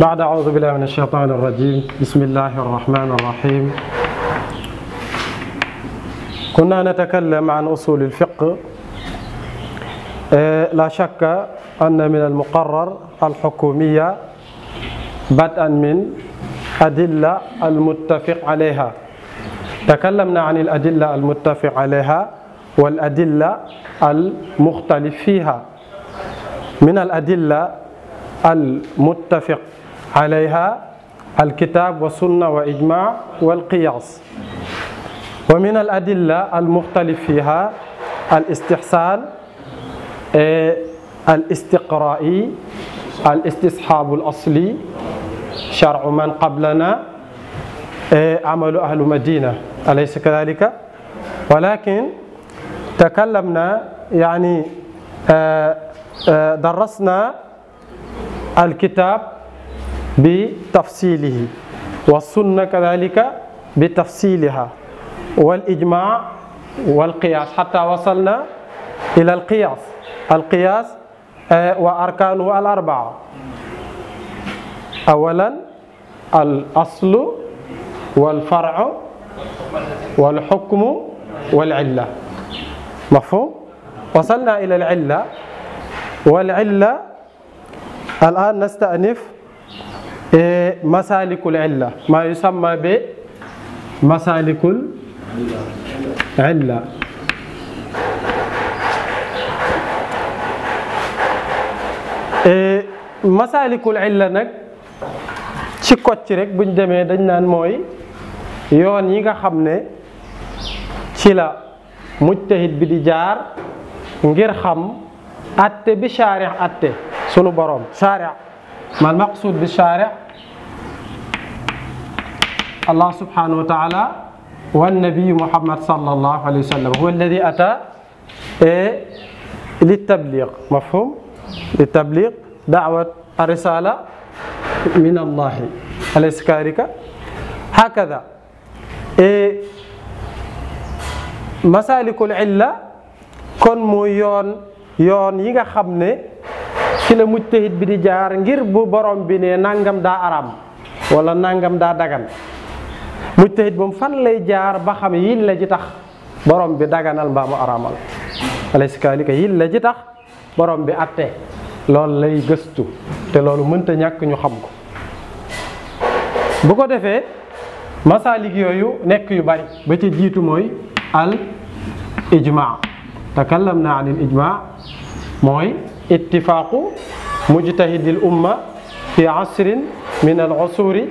بعد أعوذ بالله من الشيطان الرجيم بسم الله الرحمن الرحيم كنا نتكلم عن أصول الفقه لا شك أن من المقرر الحكومية بدءا من أدلة المتفق عليها تكلمنا عن الأدلة المتفق عليها والأدلة المختلف فيها من الأدلة almuttafiq alayha alkitab wa sunna wa ijma walqiyas wa min al adilla almuxtalif fiha alistixsan et alistiqra'i alistishaabu alasli charu man qablana et amalu ahlu madina alaysa kadalika walakin takallamna yani درسنا alkitab bi tafsilihi wa sunna kadalika bi tafsiliha wal ijma wal qiyas xata wasalna ila al qiyas al qiyas eh, wa arkanuhu al arbaa awalan al aslu wal farcu wal xukmu wal cilla mafhum wasalna ila al cilla wal cilla الآن نستأنف مسالك العلة ما يسمى بمسالك العلة masaalikul illa nag ci kocc rek buñ demee dañ naan mooy yoon yi nga xam ne ci la mujtahid bi di jaar ngir xam atte bi shaarix atte sunu boroom shaari' mal maqsuud bi shaari' allah subhanahu wa taala wannabi muhammad sallallahu alayhi wa sallam huwa alladi ata e, li tabliq mafhum li tabliq daawat arisala min allahi alaysa kaalika hakada e, masalikul illa kon mu yoon yoon yi nga xam ne ci la mujtahid bi di jaar ngir bu borom bi ne nangam daa araam walla nangam daa dagan mujtahid moom fan lay jaar ba xam yil la ji tax borom bi daganal mbaa araamal alaysa kaalika la ji tax borom bi atte lool lay gëstu te loolu mënta ñàkk ñu xam ko bu ko defee masaalik yooyu nekk yu bari ba ci jiitu mooy al ijma takallam na an il mooy ittifaaqu mujtahidil umma fi asrin min al usuri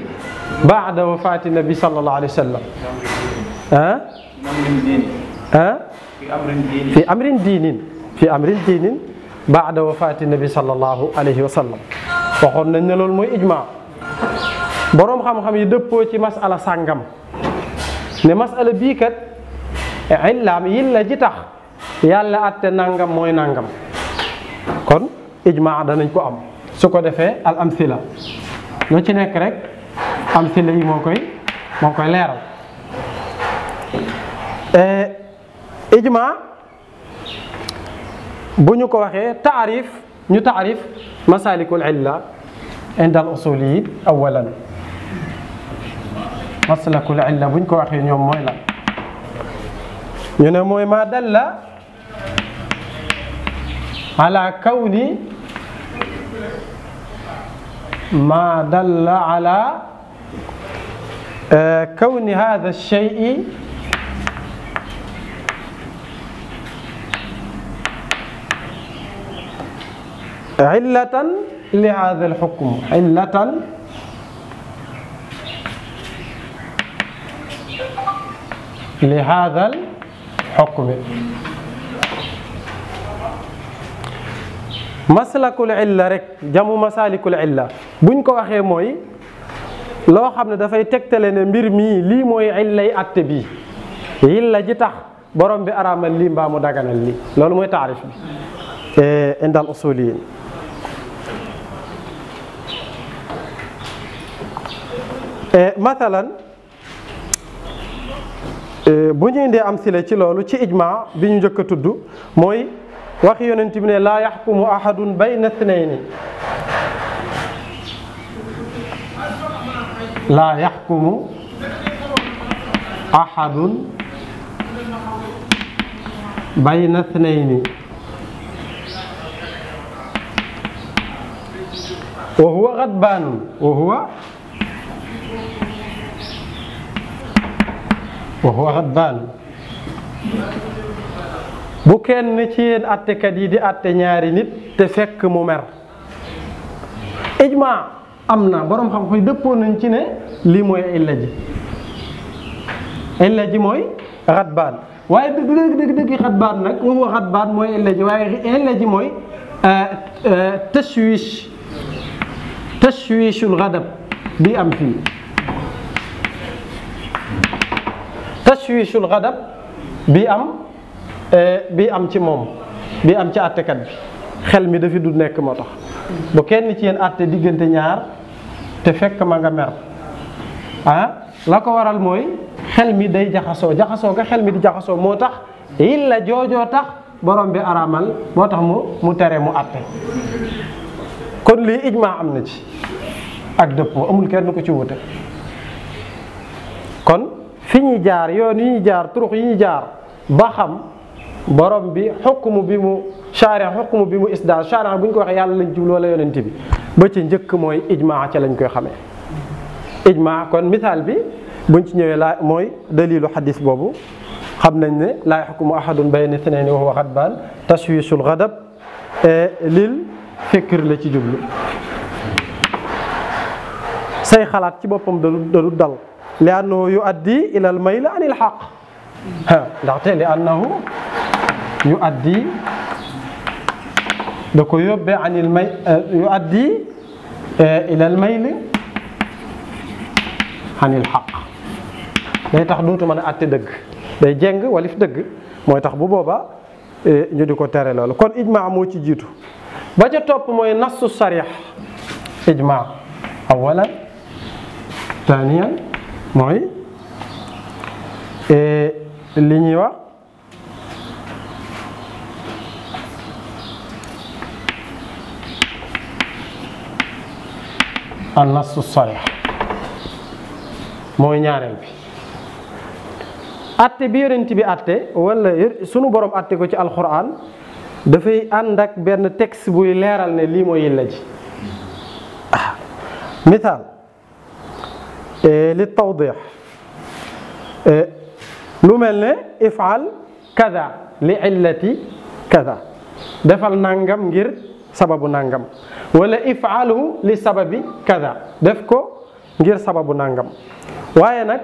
baada wafaati nabi sallallahu alayhi wa sallam ah ah fi amrin diinin fi amrin diinin baada wafaati nabi sallallahu alayhi wa sallam waxoon nañ ne loolu mooy ijma boroom xam-xam yi dëppoo ci masala sàngam ne masala bii kat illaam yi la ji tax yàlla atte nangam mooy nangam kon ijmaa danañ ko am su ko defee al amsila lu ci nekk rek amsila yi moo koy moo koy leeral eh, ijmaa bu ñu ko waxee taarif ñu taarif masalikul illa inda al usuliyin awalan masalakul illa bu ñu ko waxee ñoom mooy lan ñu ne mooy ma dalla ala kawni ma dalla ala kawni hada alshey illatan li hada alxukm illatan li hada alxukm masalakul illa rek jamu masalikul illa buñ ko waxee mooy loo xam ne dafay tegtale ne mbir mii lii mooy illay atte bii illa ji tax borom bi araamal lii mbaa mu daganal lii loolu mooy taarif bi eh, inda al usuliyin eh, mathalan eh, bu ñu indee am sile ci loolu ci ijma bi ñu njëkk a tudd mooy waxi yonent bi ne laa yaxkumu ahadun bayna thnayni laa yaxkumu ahadun bayna thnayni wa huwa gadbaanun wa huwa wa huwa gadbaanun bu kenn ci yéen attekat yi di atte ñaari nit te fekk mu mer ijma am na boroom xam-xam yi nañ ci ne lii mooy illa ji illa ji mooy xatbaan waaye dëgg dëgg dëgg xatbaan nag waxu xatbaan mooy illa ji waaye illa ji mooy euh, euh, tashwish tashwishul xadab bi am fii tashwishul xadab bi am Eh, bi am ci moom bi am ci àttekat bi xel mi dafi du nekk moo tax bu kenn ci yéen àtte diggante ñaar te fekk ma nga mer ah, la ko waral mooy xel mi day jaxasoo jaxasoo nga xel mi di jaxasoo moo tax illa joojoo tax borom bi araamal moo tax mu mu tere mu àtte kon lii ijmaa am na ci ak dëppoo amul kenn ko ci wute kon fi ñuy jaar yoon yi ñuy jaar turux yi ñuy jaar ba xam borom bi xukmu bi mu charia xukmu bi mu isdaa charia bu ñu ko waxee yàlla lañ jublu wala yonent bi ba ci njëkk mooy ijmaa ca lañ koy xamee ijmaa kon misaal bi buñ ci ñëwee laa mooy dalilu xadis boobu xam nañ ne laa yaxkumu ahadun bayna sinayn wa huwa xadbaan tashwiishul xadab lil fikr la ci jublu say xalaat ci boppam dalu dal li annahu yu addi ilal mayl anil xaq ndaxte li annahu yuaddi da ko yóbbee anil may eh, yuaddi eh, ilal mayli anil xaq day tax dootu mën a àtte dëgg day jeng walif dëgg mooy tax bu booba eh, ñu di ko tere loolu kon ijmaa moo ci jiitu ba ca topp mooy nassu sarix ijmaa awalan taniyan mooy li ñuy wax an mooy ñaareel bi atte bi yonent bi atte wala sunu borom atte ko ci alxuraan dafay ànd ak benn texte buy leeral ne lii mooy yilla ji ah. misaal e, li tawdix e, lu mel ne ifaal kada li illati kada defal nangam ngir sababu nangam wala ifaalu li sababi kada def ko ngir sababu nangam waaye nag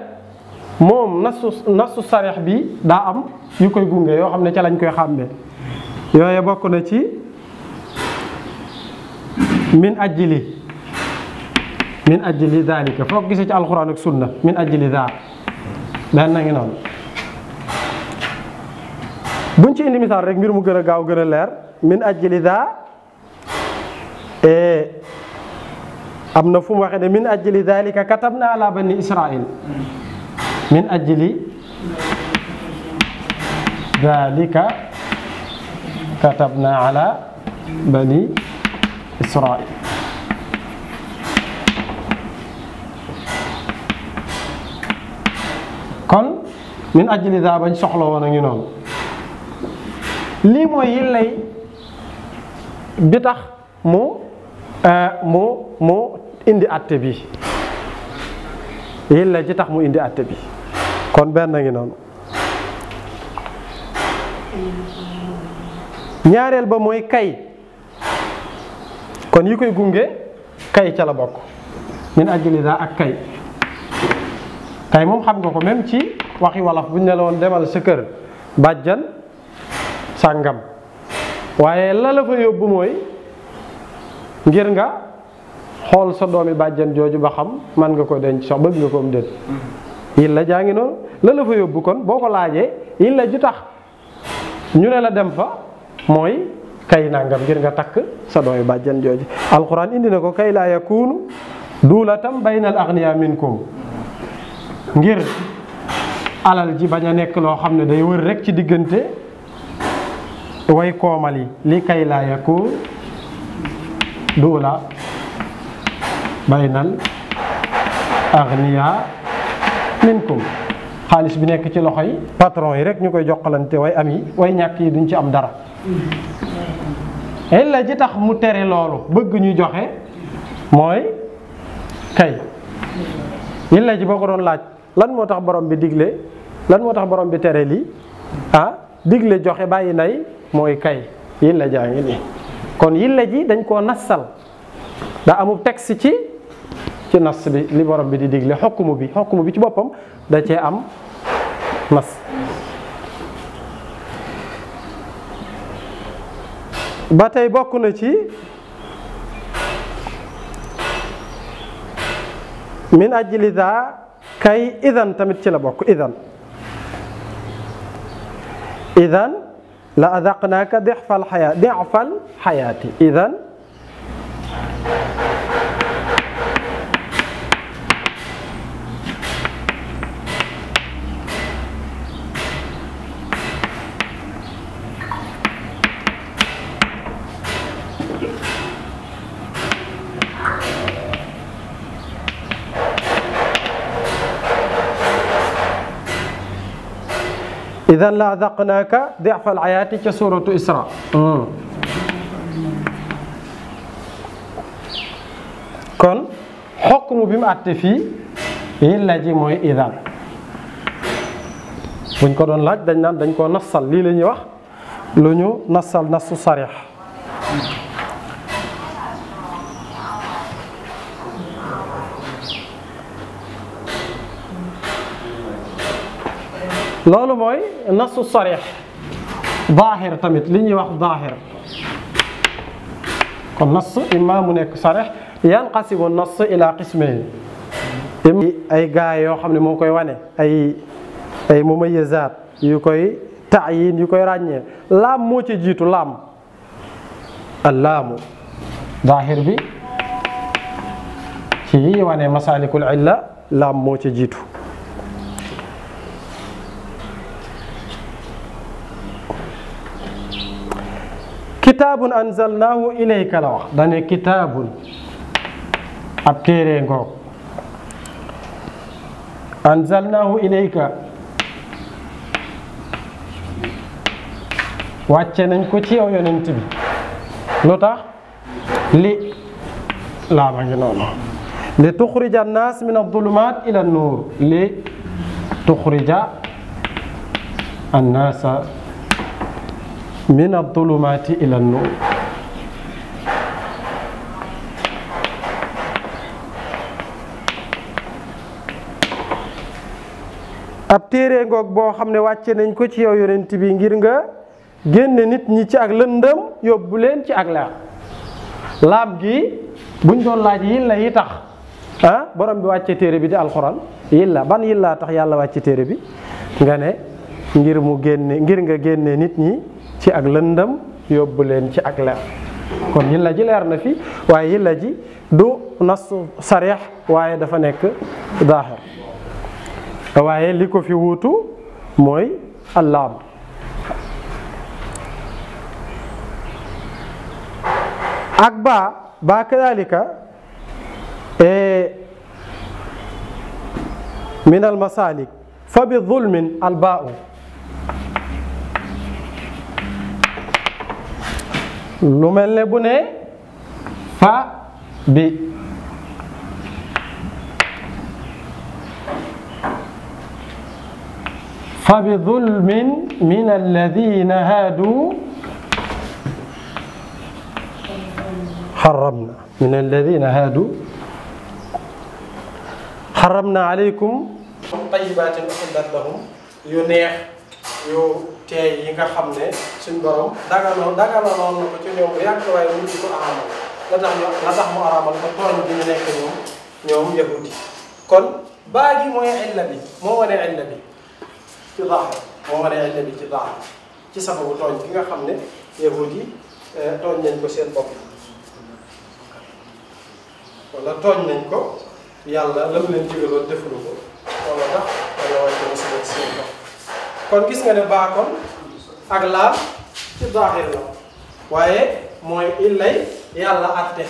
moom nasu nasu sareex bi daa am yu koy gunge yoo xam ne ca lañ koy xàmbe yooye bokk na ci min ajli min ajli dalika foo ko gisee ci alxuraan ak sunna min ajli da benn na ngi noonu buñ ci indi misaal rek mbir mu gën a gaaw gën a leer min ajli E, am na fu mu waxee ne min ajli dalika katabna ala bani israil min ajli dalika katabna ala bani israil kon min ajli daa bañ soxla woon a ngi noonu lii mooy yi lay bi tax mu Euh, moo moo indi atte bi yilla ji tax mu indi atte bi kon benn ngi noonu ñaareel ba mooy kay kon yi koy gunge kay ca la bokk min ajli daa ak kay kay moom xam nga ko même ci waxi wolof buñ nelawoon demal sa kër bàjjan sàngam waaye la yóbbu mooy ngir nga xool sa doomi bàjjan jooju ba xam man nga ko denc sax bëgg nga ko am déet mm-hmm. yilla jaa ngi noonu la yóbbu kon boo ko laajee yilla ju tax ñu ne la dem fa mooy kay nangam ngir nga takk sa doomi bàjjen jooju alquran indi na ko kay laa yakunu duulatam baynal agniya minkum ngir alal ji bañ a nekk loo xam ne day wër rek ci diggante way koomal yi li kay laa yakun duula baynal agniya minkum xaalis bi nekk ci loxo yi patron yi rek ñu koy jokkalante way am yi way ñàkk yi duñ ci am dara la ji tax mu tere loolu bëgg ñu joxe mooy kay illa ji boo ko doon laaj lan moo tax borom bi digle lan moo tax borom bi tere lii ah digle joxe bàyyi nay mooy kay illa jaa ngi nii kon yilla ji dañ koo nassal daa amul texte ci ci nas bi li bi di digle xokkumu bi xokkumu bi ci boppam da cee am nas ba tey bokk na ci min ajli daa kay idan tamit ci la bokk idan idan la adaqnaaka dexfal xayaa dexfal xayaati idan idan la adaqnaaka difal ayaati ca suuratu Isra kon xokmu bi mu àtte fii yi ji mooy idan buñ ko doon laaj dañ naan dañ koo nassal lii la ñuy wax lu ñu nassal nassu sarix loolu mooy nasu sarix zaahir tamit li ñuy wax zaahir kon nas imma mu nekk sarix yanqasimu nas ila qismayn ay gaay yoo xam ne moo koy wane ay ay yu koy taayin yu koy ràññee laam moo ci jiitu laam allaamu zaahir bi ci wane masalikul illa lam moo ci jiitu kitaabun anzalnaahu ilayka la wax dane kitaabun ab téere ngoog anzalnaahu ilayka wàcce nañ ko ci yow yonent bi lu tax li laa ma ngi noonu li tuxrija annaas min adulumaat ila nuur li tuxrija annaasa min adulumaati ila nuur ab téere ngoog boo xam ne wàcce nañ ko ci yow yonent bi ngir nga génne nit ñi ci ak lëndëm yóbbu leen ci ak leer laab gi buñ doon laaj yilla yi tax ah borom bi wàcce téere bi di alxuraan yilla ban yillaa tax yàlla wàcce téere bi nga ne ngir mu génne ngir nga génne nit ñi ci ak lëndëm yóbbu leen ci ak leer kon la ji leer na fi waaye yilla ji du nas sareex waaye dafa nekk daaxir waaye li ko fi wuutu mooy allaam ak baa baa kadalika e, min almasalik fa bi zulmin albaau lu mel ne bu ne fa bi fa bi zulmin min alladina haadu xaramna min alladina haadu xaramna alaykum tayibatin uhillat lahum yu neex yu teey yi nga xam ne suñ borom daganoon daganoon na ko ci ñoom bu yàgg waaye mujj ko araamal la tax araamal ko tooñ bi ñu nekk ñoom ñoom yahud yi kon baa gi mooy illa bi moo wane illa bi ci zahir moo wane illa bi ci zahir ci sababu tooñ bi nga xam ne yahud yi eh, tooñ nañ ko seen bopp wala tooñ nañ ko yàlla lam leen jigaloon defulu ko wala tax wala wàcce na seen seen bopp kon gis nga ne baa kon ak ci zahir la mooy illay yàlla atte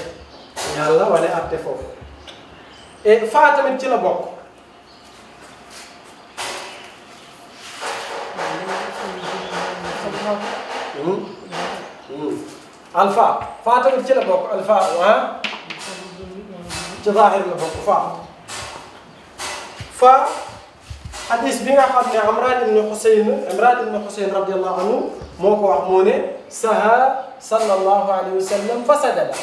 yàlla wala atte foofu et faa ci la bokk alfa faa tamit ci la bokk hmm? hmm. alfa ah ci zahir bokk faa faa xadis bi na xam ne Imraan ibn Xuseyn Imraan ibn Xuseyn radiyallahu anhu moo ko wax moo ne saha fa sajada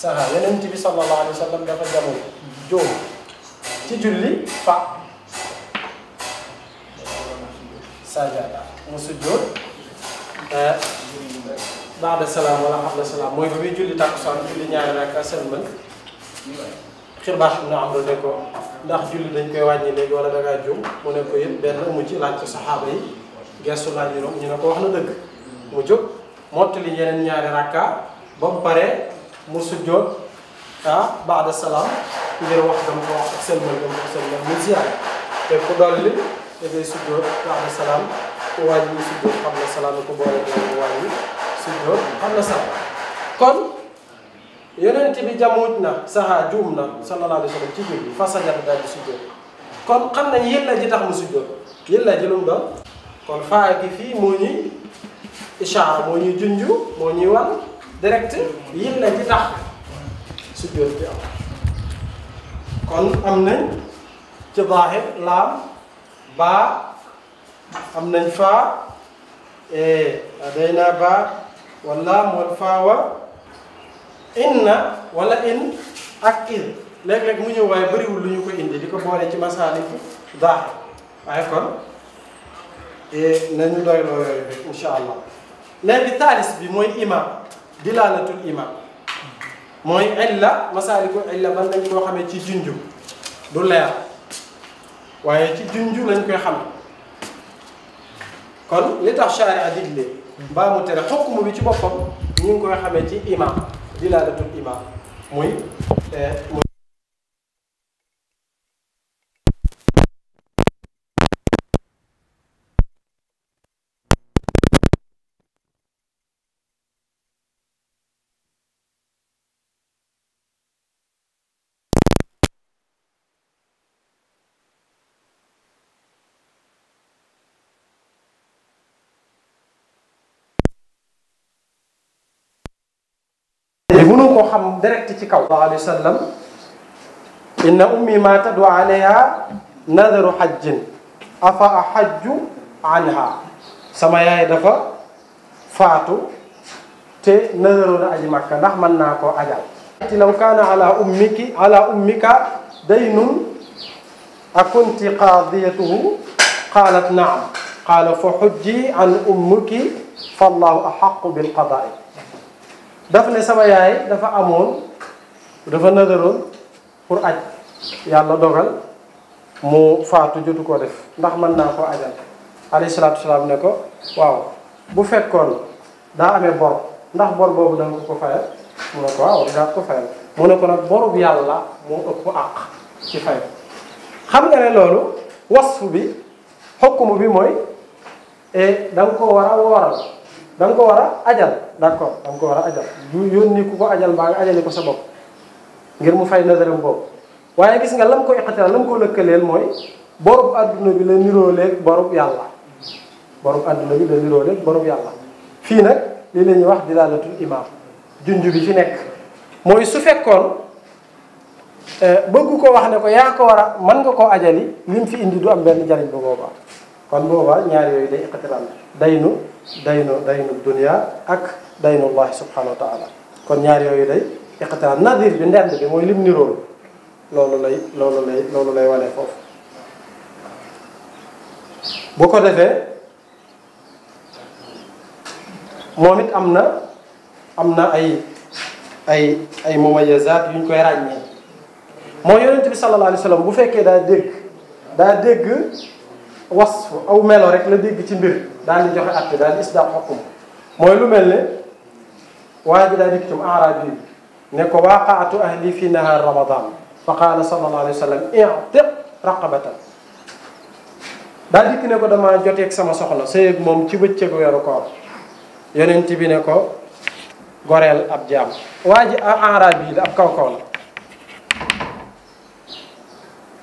saha yonent bi sallallahu alayhi wa sallam dafa jamono joom fa sajada mu sujjood eh, baada salaam wala mooy bi muy julli takkusaan julli ñaari rek sëlmal xibaar bi nga xam ne ko ndax julli dañ koy wàññi léegi wala da ngaa juum mu ne ko yëpp benn amu ci laaj ko saxaaba yi gestu laaj ñu ñu ne ko wax na dëgg. mu jóg mottali yeneen ñaari rakka ba mu paree mu sujjoot ah baada salaam ngir wax dama ko wax ak seen mën dama ko seen mën muy ziar te ku dolli da ngay sujjoot baada salaam ku wàññi sujjoot xam na salaam ko boole ko wàññi sujjoot xam na salaam kon. yonent bi jamuuj na saxaa juum na sallallahu alayhi wa sallam ci julli fa sajada daal di sujjóot kon xam nañ yëlla ji tax mu sujjóot yëlla ji lu mu doon kon faa gi fii moo ñuy ishaara moo ñuy junju moo ñuy wan direct yëlla ji tax sujjóot bi am kon am nañ ci zaahir laam baa am nañ faa ladaynaa eh, baa wal laam wal faa wa inna walla in ak il léeg-léeg mu ñëw waaye bëriwul lu ñu ko indi di ko boole ci masaalik daax waaye kon eh, nañu doy loo yooyu bi insha allah léegi taalis bi mooy imam dilaalatul imam mooy illa masaaliku illa ban lañ koo xamee ci junju du leer waaye ci junju lañ koy xam kon li tax charia digle mbaa mu tere xukmu bi ci boppam ñu ngi koy xamee ci imam wilaadatul imaam muy muy eh, xam direct ci kaw sallallahu alayhi wa sallam inna ummi ma tadu alayha nadaru xajjin afa axajju anha sama yaay dafa faatu te nadaroon aji makka ndax mën naa koo ajal ti law kaana ala ummiki ala ummika daynun akunti qaadiyatuhu qaalat naam qaala fa xujji an ummuki fallahu axaqu bilqadaai daf ne sama yaay dafa amoon dafa nadaroon pour aj yàlla dogal mu faatu jotu koo def ndax mën naa koo ajal alayhi salaatu salaam ne ko waaw bu fekkoon daa amee bor ndax bor boobu danga ko ko fayal mu ne ko waaw ko fayal mu ne ko nag borub yàlla moo ëpp àq ci fay xam nga ne loolu wasfu bi xokkumu bi mooy eh, danga ko war a waral da ko war a ajal d' accord da nga ko war a ajal yónni ku ko ajal mbaa nga ajali ko sa bopp ngir mu fay nazaram boobu waaye gis nga lam ko la lam ko lëkkaleel mooy borub àdduna bi la nirooleeg borub yàlla borub adduna bi la nirooleeg borub yàlla fii nag lii la ñuy wax dilaalatul imaam junj bi fi nekk mooy su fekkoon eh, bëgg ko wax ne ko yaa ko war a mën nga koo ajali lim fi indi du am benn jariñ bu boobaa kon boobaa ñaar yooyu day iqtiraan daynu daynu daynu dunia ak daynullahi subhanahu wa taala kon ñaar yooyu day iqtiraan nadir bi ndend bi mooy lim nirool loolu lay loolu lay loolu lay wane foofu bu ko defee moom it am na am na ay ay ay mumayazaat yu ñu koy ràññee mooy yonent bi sallallahu alayhi wa sallam bu fekkee daa dégg daa dégg wasf aw melo rek la dégg ci mbir daal di joxe atte daal di isdaam mooy lu mel ni waa ji daa dikk ci araab yi ne ko waaqaatu ahli fi nahaar ramadan fa qaala sallallahu alayhi wa sallam i'tiq raqabatan daa dikk ne ko damaa joteeg sama soxna sëyeeg moom ci bëccëgu weeru koor yonent bi ne ko goreel ab jaam waa ji araab yi la ab kaw kaw la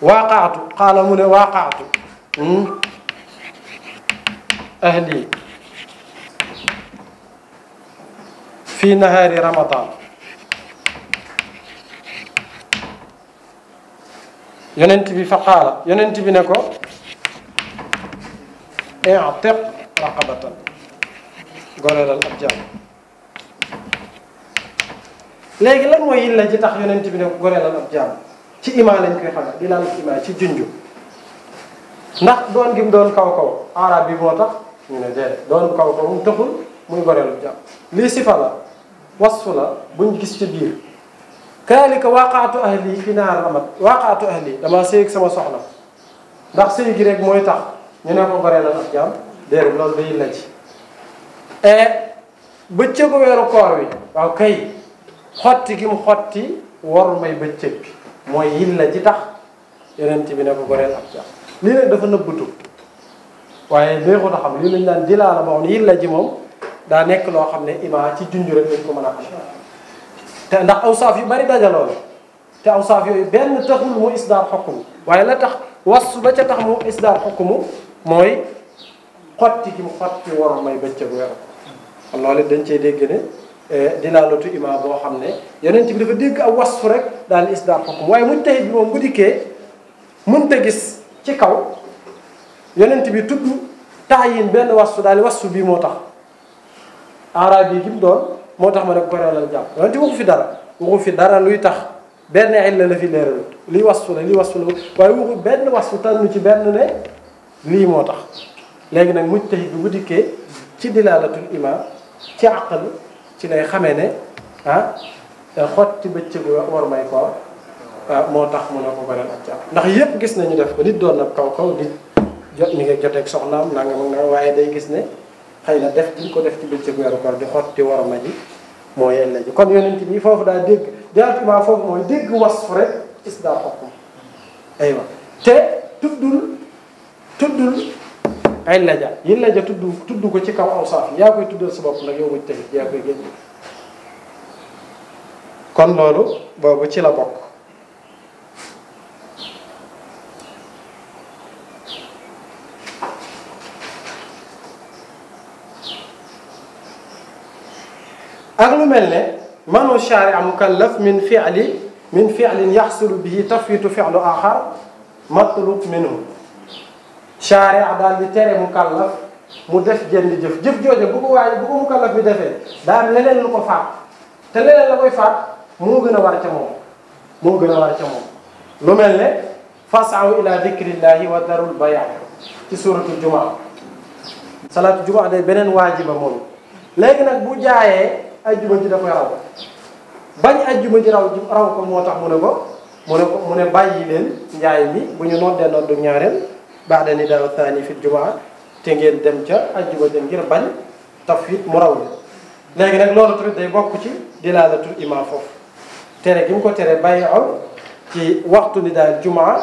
waaqaatu qaala mu ne waaqaatu أهلي في نهار رمضان yonent bi fa xaala yonent bi ne ko i'tiq raqabatan goreelal ab jaam léegi lan mooy yilla ji tax yonent bi ne ko goreelal ab ci imaa lañ koy xamal di laal imaa ci junju ndax doon gi mu doon kaw kaw arab bi moo tax ñu ne déedéet doon kaw kaw mu taxul muy goreelu jàpp lii sifa la wasfu la buñ gis ci biir kaalika waaqaatu ahli fi naar amat dama sëy sama soxla ndax sëy gi rek mooy tax ñu ne ko goree la ndax jàmm déedéet loolu day la ci e bëccëgu weeru koor wi waaw kay xotti gi mu xotti waru may bëccëg mooy yilla ji tax yeneen bi ne ko goreel ak jàmm lii nag dafa nëbbatu waaye neexut a xam lii lañ daan jilaala moom xam ne yilla ji moom daa nekk loo xam ne ima ci junj rek lañ mën a am te ndax awsaaf yu bari dajaloo te awsaaf yooyu benn taxul mu isdaar xokkum la tax wasu ba ca tax mu isdaar xokkumu mooy xotti gi mu xotti waroon may bëccëg weer kon loolu dañ cee dégg ne eh, dilaalatu ima boo xam ne yeneen ci bi dafa dégg ak wasfu rek daal isdaar xokkum waaye muñ tey bi moom bu dikkee mënta gis ci kaw yonent bi tudd taayin benn wasu daal wastu bii moo tax arab yi gi doon moo tax ma ne ko reelal jàpp yonent waxu fi dara waxu fi dara luy tax benn illa la fi leeralu lii wasu la lii wasu la waaye waxu benn wasu tànnu ci benn ne lii moo tax léegi nag mujtahid bi bu dikkee ci dilaalatul imaam ci àqal ci lay xame ne ah xotti bëccëgu war may koor Ah, moo tax mënoo ko goreel ak jàpp ndax yépp gis nañu def ko nit doon na kaw kaw di jot mi ngi joteeg soxnaam nangam ak waaye day gis ne xëy na def di ko def ci bëccëg weeru koor di xotti warma ji moo yelle ji kon yonent bi foofu daa dégg directement foofu mooy dégg wasf rek is daa xokkum aywa te tuddul tuddul ay laja yi tudd sa bopp nag yow muj kon loolu boobu ci la bokk mel ne manu sharia mukallaf min fi'li min bi yaxsulu bihi tafwitu fi'lu axar matlub minhu sharia daal di tere mukallaf mu def jënd jëf jëf jooja bu ko waaye bi defee daa am leneen lu ko faat te leneen la koy faat moo gën a war ca moom moo gën a war ca moom lu mel ne fasaw ila dikrillahi wa darul baya ci suratul jumaa salaatu jumaa day beneen waajiba moom léegi nag bu jaayee ajjuma ji da koy raw bañ ajjuma ji raw ji raw ko moo tax mu ne ko mu ne ko mu ne bàyyi leen njaay mi bu ñu noddee noddu ñaareel baax da ni daaw thaani fi jumaa te ngeen dem ca ajjuma ja ngir bañ tafwid mu raw li léegi nag loolu tamit day bokk ci dilaalatul imaam foofu tere gi mu ko tere bàyyi aw ci waxtu ni daal jumaa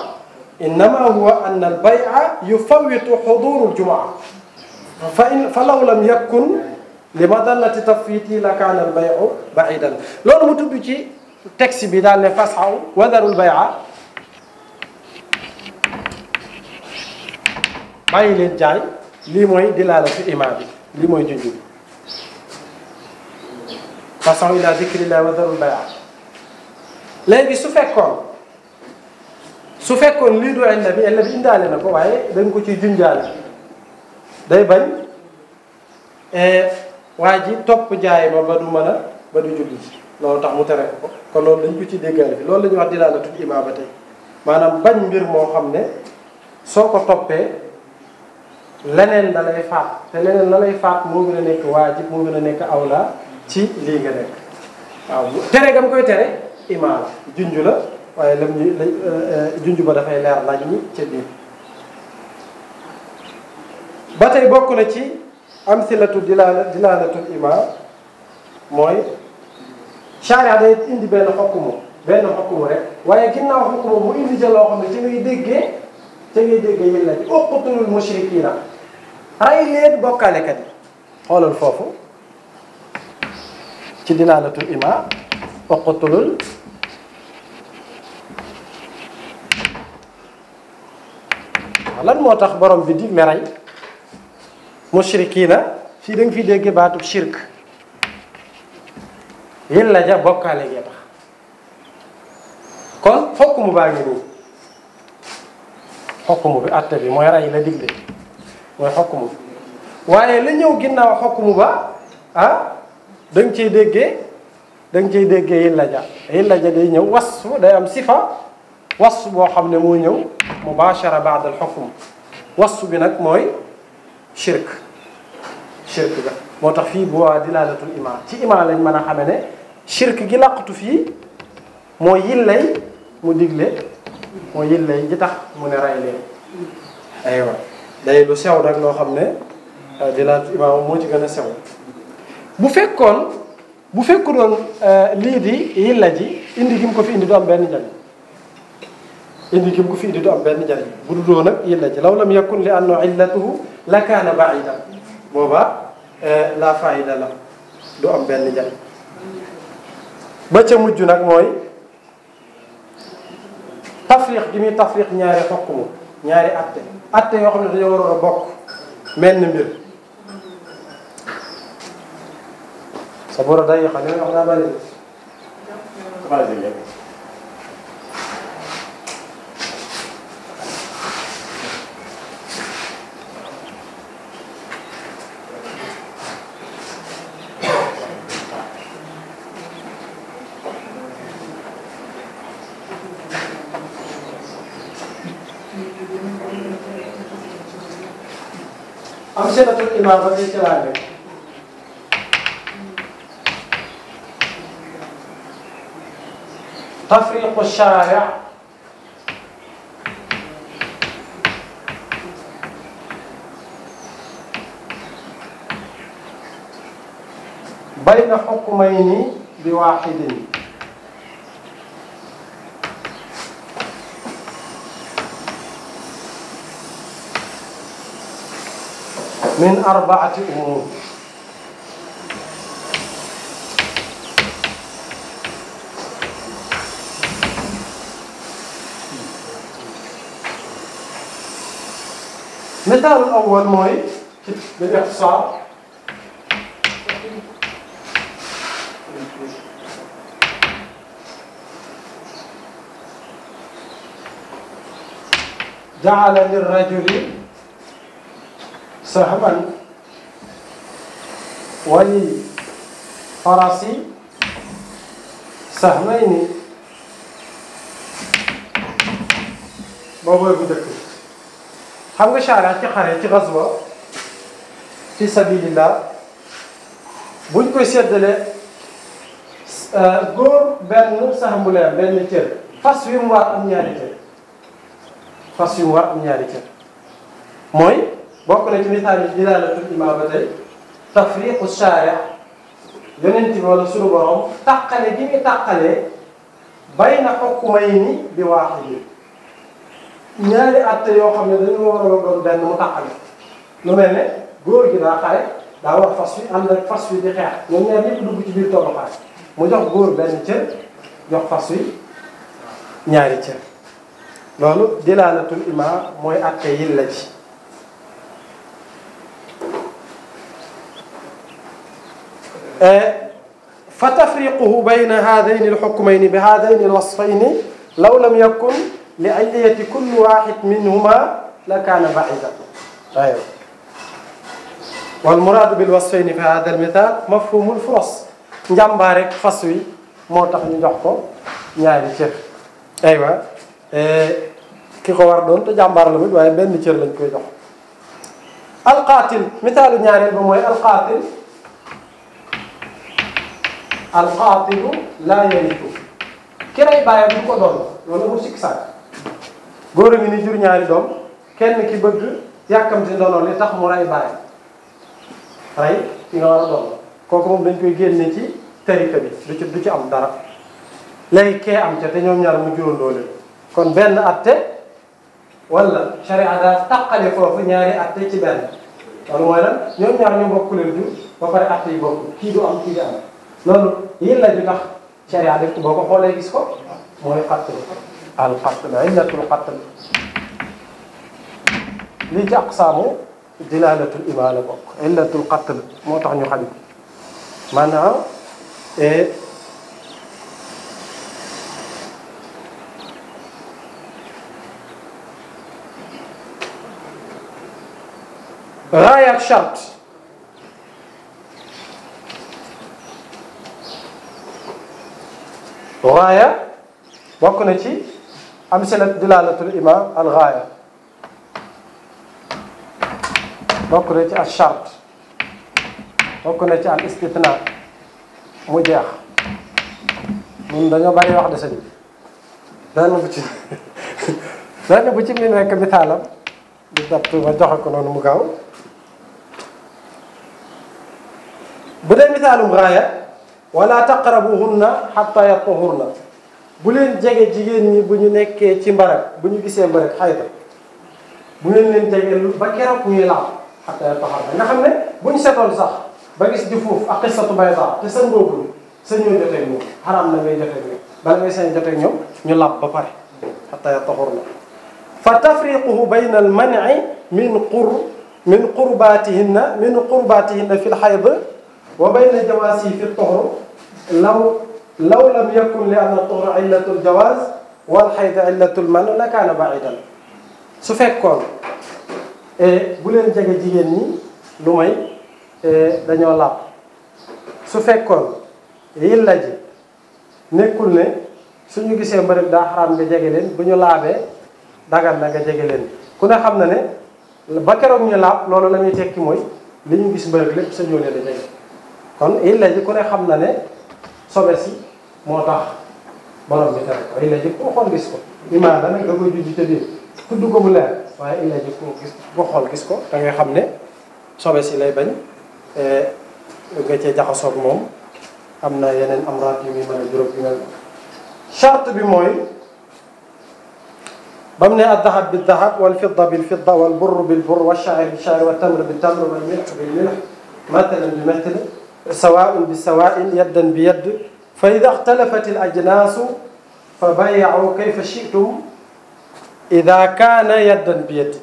innama huwa anna al bay'a yufawwitu xudurul jumaa fa law lam yakun li ma dallati tafwiiti la kaana al bayu loolu mu tudd ci texte bi daal ne fasxaw wadarul baya bàyyi leen jaay lii mooy dilaala ci imaam bi lii mooy junj bi fasxaw ila zikrillah wadarul baya léegi su fekkoon su fekkoon lii du illa bi illa bi indaale na ko waaye dañ ko ci junjaale day bañ waa ji topp jaay ma ba du mën a ba du julli loolu tax mu tere ko kon loolu dañ ko ci déggaale bi loolu la ñuy wax dilaalatul imaaba tey maanaam bañ mbir moo xam ne soo ko toppee leneen da lay leneen la lay faat moo gën a nekk waajib moo nekk awla ci lii nga tere gam koy tere imaaba junj la waaye lam ñu euh, junj ba dafay leer laaj ñi ca tey bokk na ci amsilatu dilala dilalatul iman mooy charia day indi benn xokkumu benn xokkumu rek waaye ginnaaw xokkumu mu indi ca loo xam ne ci ngay déggee ci ngay déggee yéen lañ uqtulul foofu ci dilalatul iman uqtulul lan moo tax borom bi di meray mushrikiina fii da nga fi dégg baatub shirk yéen la ja bokkaale gee tax kon xokk mu baa ngi nii xokk bi atte mooy rey la digle mooy xokk waaye la ñëw ginnaaw xokk ba ah da nga ciy déggee da nga ciy déggee la ja yéen la ja day ñëw wasfu day am sifa wasfu boo xam ne moo ñëw mubaashara baadal xokkum wasfu bi nag mooy shirk shirk ga moo tax fii bu waa dilaalatul iman ci iman lañ mën a xame ne shirk gi làqatu fii moo yillay mu digle moo yillay ji tax mu ne ray leen aywa day lu sew nag loo xam ne euh, dilaalatul iman moo ci gën sew bu fekkoon bu fekkuloon euh, lii di yilla ji indi gi ko fi indi du am benn njariñ indi ko fi indi du am benn njariñ bu dudoo yilla ji law lam yakun li anno illatuhu la kaana baidan boobaa Eh, la fayda la du am benn njariñ ba ca mujj nag mooy tafriq gi muy tafriq ñaari xokk mu ñaari atte atte yoo xam ne dañoo waroon a bokk mel ni mbir sa boro day xam ne wax naa bari am senatul imaam ba tey ci laa nekk tafriqu shaari bayna xukmayni bi waaxidin min arbaati umur misaalul awwal mooy ci bi ixtisaar jaala lirrajuli سهما وللفرس سهمين boobu bu njëkk xam nga charia ci xare ci fi sabilillah buñ koy séddalee góor benn saxam bu leer benn fas wi war am ñaari cër bokk na ci misaal yi dilaalatul imaam ba tey tafriqu shaari yonent bi wala suñu borom tàqale gi ñu tàqalee bay na xokkumay ni bi waaxi bi ñaari àtte yoo xam ne dañu war a doon benn mu tàqale lu mel ne góor gi daa xare daa war fas wi ànd ak fas wi di xeex ñoom ñaar ñëpp dugg ci biir tollu xare mu jox góor benn cër jox fas wi ñaari cër loolu dilaalatul imaam mooy àtte yi ci fa tafriquhu bayna haadayni alxukmayni bi haadayni alwasfayni law lam yakun li ajliyati kulli waxid minhuma la kaana baida aywa walmuraadu bil wasfayni fi haada almithaal mafhumul furas njàmbaa rek fas wi moo tax ñu jox ko ñaari cër aywa eh, ki ko war doon te jàmbaar la mut waaye benn cër lañ koy jox alqaatil mithaalu ñaareel ba mooy alqaatil alqaatilu laa yaritu ki rey bàyyam du ko doon loolu mu sikk sàkk góor a ngi ni jur ñaari doom kenn ki bëgg yàkkamti doonoon li tax mu ray bàyyam rey ci nga doon kooku moom dañ koy génne ci tarika bi du ci du dara léegi kee am ca te ñoom kon benn atte wala sharia daa taqale foofu ñaari atte ci benn loolu mooy lan ñoom ñaar ñu bokk leen jur ba pare atte yi bokk kii du am kii di am loolu yéen la ju tax sharia def boo ko xoolee gis ko mooy xatt al xatt illatul xatt li ci aqsaamu dilaalatul ibaala bokk illatul xatt moo tax ñu xalit maanaam eh, raaya ak charte raaya bokk na ci am silat dilaalatul imam al raaya bokk na ci al chart bokk na ci al istitna mu jeex mun dañoo bari wax de sañ benn bu ci benn bu ci mi nekk misaalam di dapp ma joxe mu gaaw bu dee misaalum raaya wala taqrabuhunna hatta yatahurna bu leen jege jigéen ñi bu ñu nekkee ci mbarak bu ñu gisee mbarak xayda bu ba keroog ñuy laal hatta yatahurna nga xam ne bu ñu setoon sax ba gis di foofu ak xisatu bayda te seen boobu seen ñoo jotee ñoom na ngay jotee ñoom bala ngay seen jotee ñoom ñu lab ba pare hatta yatahurna fa tafriquhu bayna al mani min qur min qurbatihinna min qurbatihinna fi l xayda wa bayna jawaasi fi toxru law law lam yakun li anna tuura illatul jawaaz wal xayda illatul man la kaana baidan su fekkoon eh, bu jege jigéen ñi lu eh, dañoo làpp su fekkoon yilla ji nekkul ne suñu gisee mbërëb daa xaraam nga jege leen bu ñu laabee dagan na nga jege leen ku ne xam na ne ba keroog ñu laab loolu lañuy ñuy tekki mooy li ñu gis mbërëb lépp sa ñoo leen a jege kon illa ji ku ne xam na ne sobe si moo tax borom bi tere ko illa jëkk koo xool gis ko imaam da nag da koy jujj te biir tudd ko mu leer waaye illa jëkk koo gis koo xool gis ko da ngay xam ne sobe si lay bañ eh, nga cee jaxasoog moom am na yeneen amraat yu muy mën a juróom yu mel charte bi mooy ba mu ne addahab bi dahab wal fidda bil fidda wal burr bil burr wa shair bi shair wa tamr bi tamr wal milx bil milx matalan bi matala sawaun bi sawain yaddan bi yadd fa ida xtalafat al ajnaasu fa bayaau kayfa shitum ida kaana yaddan bi yadd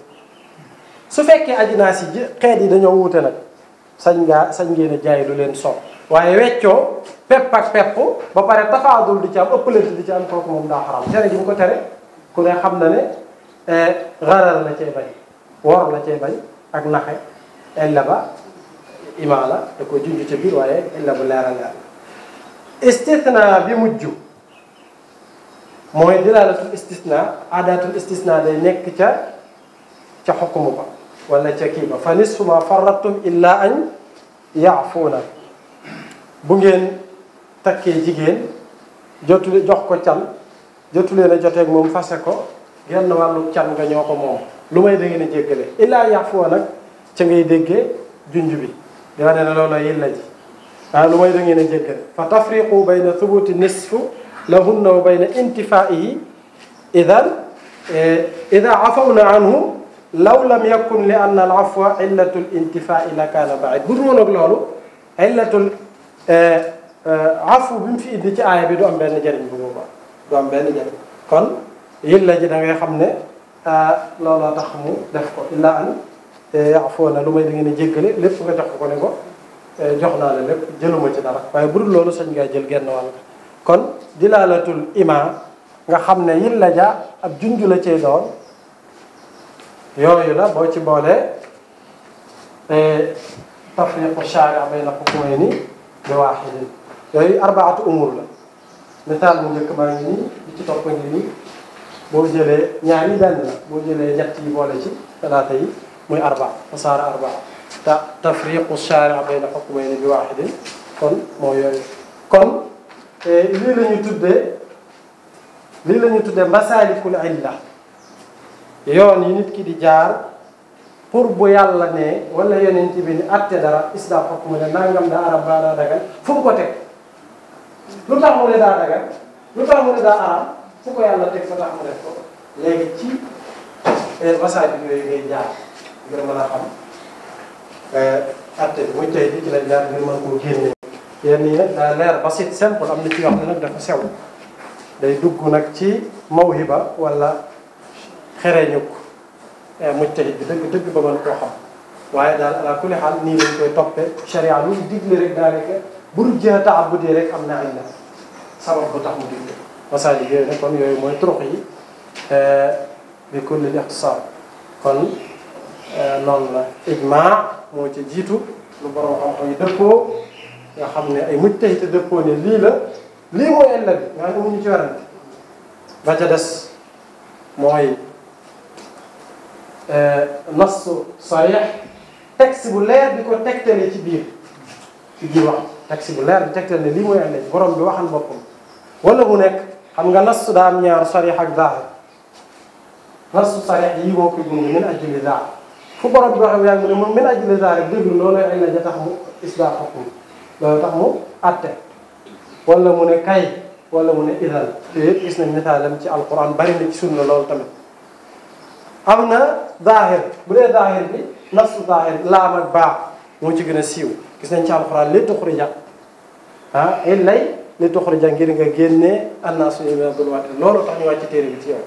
su fekkee ajnaas yi xeet yi dañoo wuute nag sañ ngaa sañ ngeen a jaay leen sopp waaye weccoo pepp ak pepp ba pare tafaadul di ci am ëppalante di ci am kooku moom daa xaram tere gi ko tere ku ne xam na ne eh, xarar la cay bañ wor la cay ak naxe ella imaa la da ko junj ca biir waaye illa bu leeral leer istisna bi mujj mooy dilaalatul istisna aadatul istisna day nekk ca ca xukumu ba ca kii ba fa nisfu ma farattum illa an yaafuuna bu ngeen takkee jigéen jotu jox ko can jotu leen a joteeg moom fase ko genn wàllu can nga ñoo ko moom lu may da ngeen a jéggale illaa nag ca ngay déggee junj bi di wane ne loolu yilla ji waaw ah, lu mooy da ngeen a jéggal fa tafriqu bayna thubuti nisfu lahunna wa bayna intifaihi idan eh, ida afawna anhu law lam yakun li anna al afwa illatul intifai la kaana baid bu dumoon ak loolu illatul eh, eh, afu bi mu fi indi ci aaya bi du am benn jëriñ bu boobaa du am benn jëriñ kon yilla ji da ngay xam ne ah, looloo tax mu def ko illa an yaafoo eh, na lu may di ngeen a jéggale lépp nga jox ko ne ko eh, jox naa la lépp jëluma ci dara waaye bu dul loolu sañ ngaa jël genn wàll kon dilaalatul ima nga xam ne yin la ja ab junju la cee yooyu la boo ci boolee eh, tafriqu shaari bayna xukmayni bi waaxidin yooyu arbaatu umur la misaal mu njëkk maa ngi nii li ci topp nii boo jëlee ñaari benn la boo jëlee ñett yi boole ci talaata yi muy arbaa fa saara arbaa ta tafriqu shaari' bayna xukmayni bi waaxidin kon moo yooyu kon e, lii la ñu yoon yi nit ki di jaar pour bu yàlla ne wala yonent bi ni atte dara islam xokk mu ne nangam daa arab baa daa dagan fu mu ko teg lu tax mu ne daa dagan lu tax mu ne daa arab fu ko yàlla teg tax mu def ko léegi ci e, masaalik yooyu ngay jaar ngir mën a xam atte bi muy tey ci la jaar ngir mën koo génne yenn yi nag leer ba sit am na ci yoo xam nag dafa sew day dugg nag ci mawhiba wala xereñuk eh, mujtahid bi dëgg dëgg ba mën koo xam waaye daal ala kulli xaal nii lañ koy toppe sharia lu digle rek daanaka bu dul jeex taabudi rek am na ay la sabab bu tax mu digle masaali yooyu nag kon yooyu mooy turux yi eh, bi kulli ixtisaar kon Euh, noonu la ijmaa moo ci jiitu lu borom xam-xam yi dëppoo nga xam ne ay mujtahid te dëppoo ne lii la lii mooy illa bi nga xam ne ñu ci werante ba ca des mooy euh, nassu sarih texte bu leer bi ko tegtale ci biir ci biir wax texte bu leer bi tegtale ne lii mooy illa bi borom bi waxal boppam wala mu nekk xam nga nassu daa am ñaar sarih ak zaahir nassu sarih yi moo koy gunge min ajli zaahir fu borom bi waxee yaa ngi ne moom mën a jëlee daal rek déglu noonu ay ja tax mu isdaa xukkum loolu tax mu atte wala mu ne kay wala mu ne idal te yëpp gis nañ ci alquran bari na ci sunna loolu tamit am na daahir bu dee daahir bi nafsu daahir laam ak baa moo ci gën a siiw gis nañ ci alquran li tuxrija ah il lay li tuxrija ngir nga génnee annaasu min abdul waati loolu tax ñu wàcc téere bi ci yow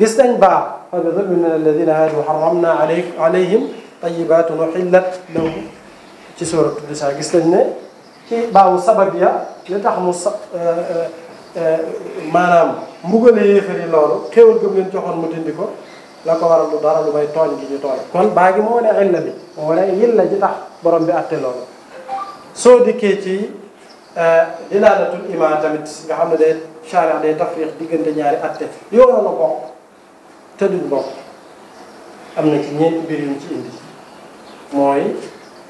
gis nañ وبظلم من الذين هادوا حرمنا عليك عليهم طيبات أحلت لهم ci sooratu Nisaa gis nañ ne ci baawu sabab ya li tax mu sa maanaam mbugale yéefar yi loolu xéewal gëm leen joxoon mu dindi la ko waral lu dara lu may tooñ gi ñu tooñ kon baa gi moo wane illa bi moo wane illa ji tax borom bi àtte loolu soo dikkee ci dilaalatul iman tamit nga xam ne day charia di tafriq de ñaari àtte yoona la bokk te duñ am na ci ñeenti mbir ci indi mooy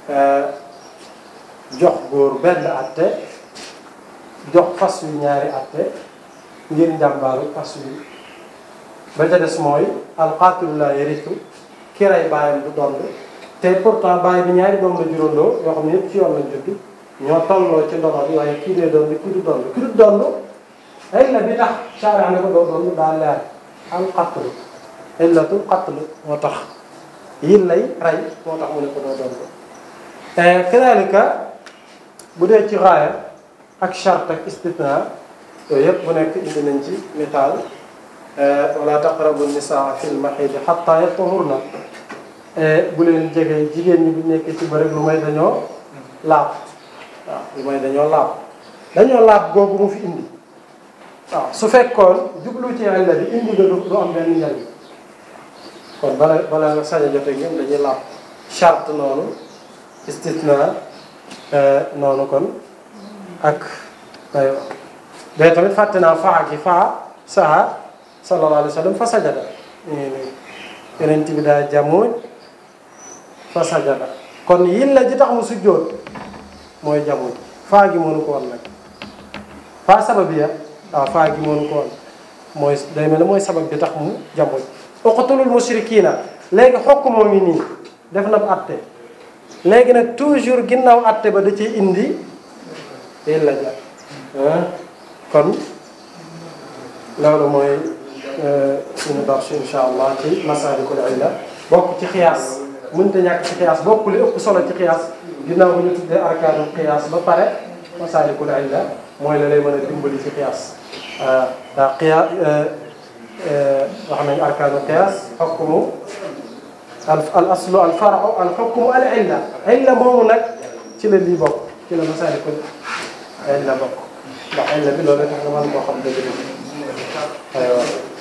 euh, jox góor benn atte jox fas yu ñaari atte ngir njàmbaaru fas yu ba ca des mooy alqaatilu la yaritu ki rey baayam du dond te pourtant baay bi ñaari doom la juróondoo yoo xam ne yëpp ci yoon lañ judd ñoo tolloo ci ndono bi waaye kii dee doon bi kii du dond kii du dond ay la bi tax saara ne ko doo dond daa leer alqaatilu illatul qatl moo tax yin lay rey moo tax mu ne ko doo doon ko eh, bu dee ci raaya ak charte yëpp bu nekk nañ ci misaal eh, wala taqrabu nisaa fil maxiidi eh, bu leen jege jigéen ñi bu nekkee ci bërëb lu may dañoo laab lu may dañoo laab dañoo laab googu mu fi indi su fekkoon jublu ci àlla bi indi nga du am benn njariñ kon bala bala nga a jotee ñoom dañuy laaj charte noonu istitna euh, noonu kon ak aywa mais tamit fàtte naa faa gi faa saa sallallahu alayhi wa fa sajada yeneen bi daa jamuuj fa sajada kon yilla ji tax mu sujjóot mooy jamuuj faa gi mënu ko woon nag faa sabab ya waaw faa gi mënu ko mooy day mel ne mooy sabab bi tax mu jamuuj uqtulul mushrikina léegi xokk moo ngi nii def na atte léegi nag toujours ginnaaw atte ba da ciy indi il la jar kon loolu mooy euh, suñu dars insha allah ci masalikul illa bokk ci xiyaas mënta ñàkk ci xiyaas bokk li ëpp solo ci xiyaas ginnaaw bu ñu tuddee arkaanul xiyaas ba pare masalikul illa mooy la lay mën a dimbali ci xiyaas euh, daa xiyaas euh, wax nañu arkaanu qiyaas xukmu al aslu al faru al xukmu al illa illa moomu nag ci la lii bokk ci la masaalikul illa bokk ndax illa bi loolu tax nga mën koo xam dëgg-dëgg aywa